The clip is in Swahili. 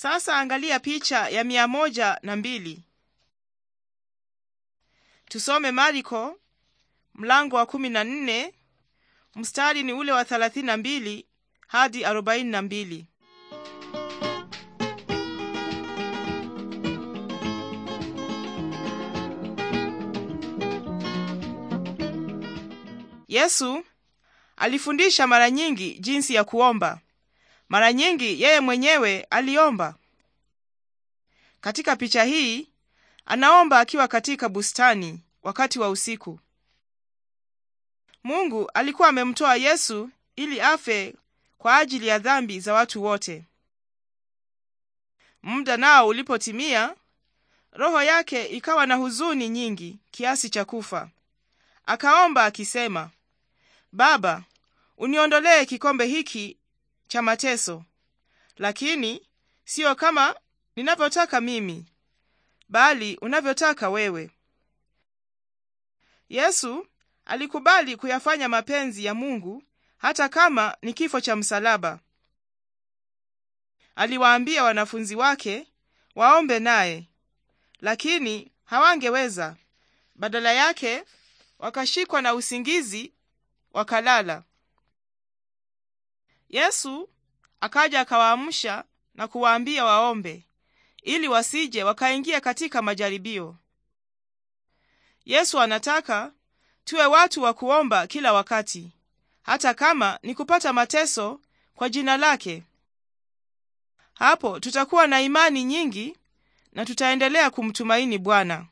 Sasa angalia picha ya mia moja na mbili. Tusome Mariko mlango wa kumi na nne mstari ni ule wa thelathini na mbili hadi arobaini na mbili. Yesu alifundisha mara nyingi jinsi ya kuomba. Mara nyingi yeye mwenyewe aliomba. Katika picha hii anaomba akiwa katika bustani wakati wa usiku. Mungu alikuwa amemtoa Yesu ili afe kwa ajili ya dhambi za watu wote. Muda nao ulipotimia, roho yake ikawa na huzuni nyingi kiasi cha kufa. Akaomba akisema, Baba, uniondolee kikombe hiki cha mateso, lakini siyo kama ninavyotaka mimi, bali unavyotaka wewe. Yesu alikubali kuyafanya mapenzi ya Mungu hata kama ni kifo cha msalaba. Aliwaambia wanafunzi wake waombe naye, lakini hawangeweza. Badala yake wakashikwa na usingizi wakalala. Yesu akaja akawaamsha na kuwaambia waombe ili wasije wakaingia katika majaribio. Yesu anataka tuwe watu wa kuomba kila wakati, hata kama ni kupata mateso kwa jina lake. Hapo tutakuwa na imani nyingi na tutaendelea kumtumaini Bwana.